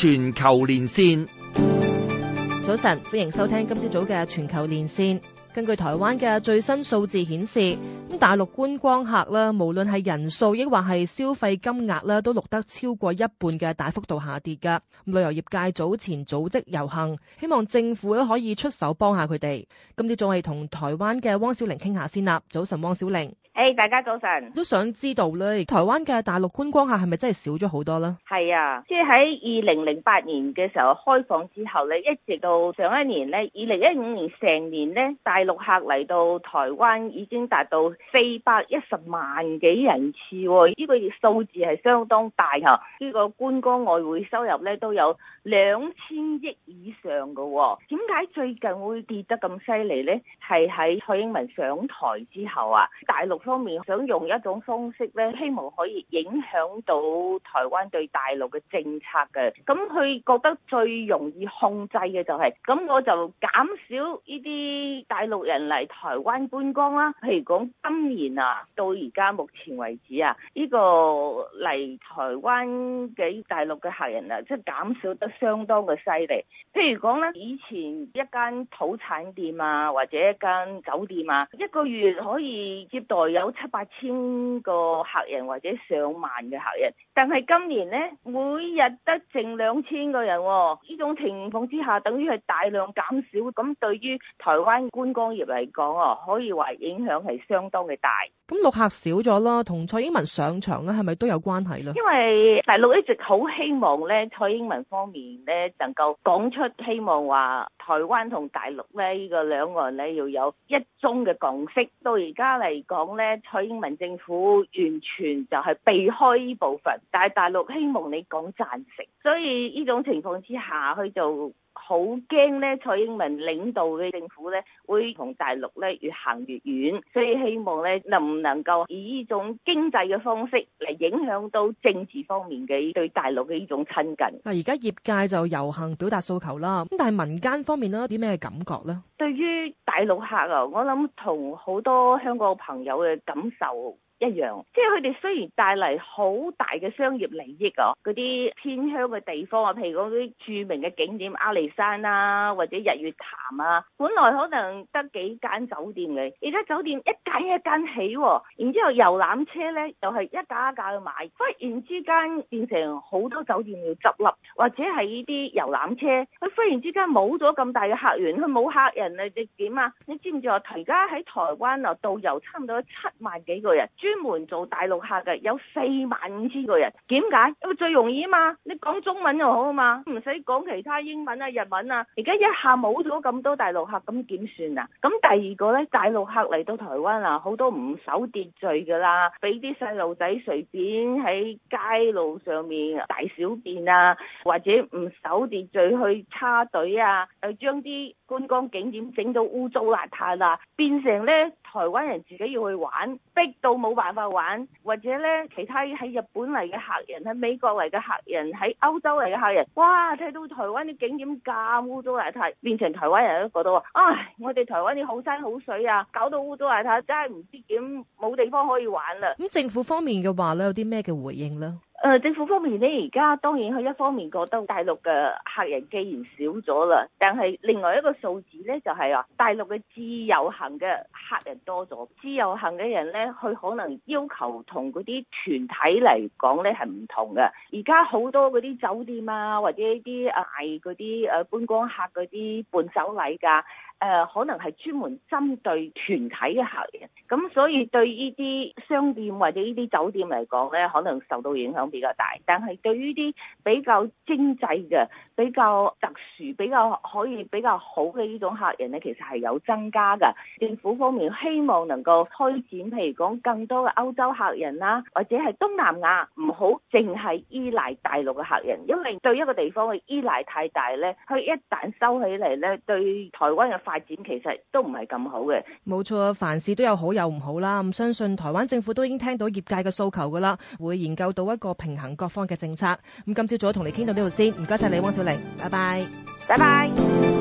全球連線，早晨，歡迎收聽今朝早嘅全球連線。根據台灣嘅最新數字顯示，咁大陸觀光客啦，無論係人數亦或係消費金額咧，都錄得超過一半嘅大幅度下跌㗎。旅遊業界早前組織遊行，希望政府都可以出手幫下佢哋。今朝早係同台灣嘅汪小玲傾下先啦。早晨，汪小玲。誒、hey，大家早晨！都想知道咧，台灣嘅大陸觀光客係咪真係少咗好多呢？係啊，即係喺二零零八年嘅時候開放之後咧，一直到上一年咧，二零一五年成年咧，大陸客嚟到台灣已經達到四百一十萬幾人次、哦，呢、這個數字係相當大吓、啊。呢、這個觀光外匯收入咧都有兩千億以上噶、哦。點解最近會跌得咁犀利呢？係喺蔡英文上台之後啊，大陸。方面想用一種方式咧，希望可以影響到台灣對大陸嘅政策嘅。咁佢覺得最容易控制嘅就係，咁我就減少呢啲大陸人嚟台灣觀光啦。譬如講今年啊，到而家目前為止啊，呢個嚟台灣嘅大陸嘅客人啊，即係減少得相當嘅犀利。譬如講咧，以前一間土產店啊，或者一間酒店啊，一個月可以接待。有七八千個客人或者上萬嘅客人，但係今年呢，每日得剩兩千個人，哦，呢種情況之下，等於係大量減少，咁對於台灣觀光業嚟講，啊，可以話影響係相當嘅大。咁陸客少咗啦，同蔡英文上場咧，係咪都有關係咧？因為大陸一直好希望呢，蔡英文方面呢能夠講出希望話。台灣同大陸呢，呢、這個兩岸呢要有一中嘅共識。到而家嚟講呢，蔡英文政府完全就係避開呢部分，但係大陸希望你講贊成，所以呢種情況之下佢就。好驚咧！蔡英文領導嘅政府咧，會同大陸咧越行越遠，所以希望咧能唔能夠以呢種經濟嘅方式嚟影響到政治方面嘅對大陸嘅呢種親近。嗱，而家業界就遊行表達訴求啦，咁但係民間方面啦，有啲咩感覺咧？對於大陸客啊，我諗同好多香港朋友嘅感受，一樣，即係佢哋雖然帶嚟好大嘅商業利益啊，嗰啲偏鄉嘅地方啊，譬如嗰啲著名嘅景點阿里山啊，或者日月潭啊，本來可能得幾間酒店嘅、啊，而家酒店一間一間起、啊，然之後遊覽車呢，又、就、係、是、一架一架去買，忽然之間變成好多酒店要執笠，或者係呢啲遊覽車，佢忽然之間冇咗咁大嘅客源，佢冇客人你、啊、點啊？你知唔知我？而家喺台灣啊，導遊差唔多七萬幾個人。專門做大陸客嘅有四萬五千個人，點解？因為最容易啊嘛，你講中文就好啊嘛，唔使講其他英文啊、日文啊。而家一下冇咗咁多大陸客，咁點算啊？咁第二個呢，大陸客嚟到台灣啊，好多唔守秩序㗎喇，俾啲細路仔隨便喺街路上面大小便啊，或者唔守秩序去插隊啊，去將啲觀光景點整到污糟邋遢啦，變成咧台灣人自己要去玩，逼到冇辦法玩，或者咧其他喺日本嚟嘅客人、喺美國嚟嘅客人、喺歐洲嚟嘅客人，哇！睇到台灣啲景點咁污糟邋遢，變成台灣人都覺得話：唉，我哋台灣啲好山好水啊，搞到污糟邋遢，真係唔知點冇地方可以玩啦。咁政府方面嘅話咧，有啲咩嘅回應呢？誒、呃、政府方面咧，而家當然佢一方面覺得大陸嘅客人既然少咗啦，但係另外一個數字咧就係、話、大陸嘅自由行嘅客人多咗，自由行嘅人咧，佢可能要求那些同嗰啲團體嚟講咧係唔同嘅。而家好多嗰啲酒店啊，或者一啲賣嗰啲誒觀光客嗰啲伴手禮㗎。誒、呃，可能係專門針對團體嘅客人，咁所以對呢啲商店或者呢啲酒店嚟講咧，可能受到影響比較大。但係對於啲比較經濟嘅。比較特殊、比較可以、比較好嘅呢種客人呢，其實係有增加㗎。政府方面希望能夠開展，譬如講更多嘅歐洲客人啦，或者係東南亞，唔好淨係依賴大陸嘅客人，因為對一個地方嘅依賴太大呢。佢一旦收起嚟呢，對台灣嘅發展其實都唔係咁好嘅。冇錯啊，凡事都有好有唔好啦。咁相信台灣政府都已經聽到業界嘅訴求㗎啦，會研究到一個平衡各方嘅政策。咁今朝早同你傾到呢度先，唔該晒你汪小姐。嗯。拜拜，拜拜。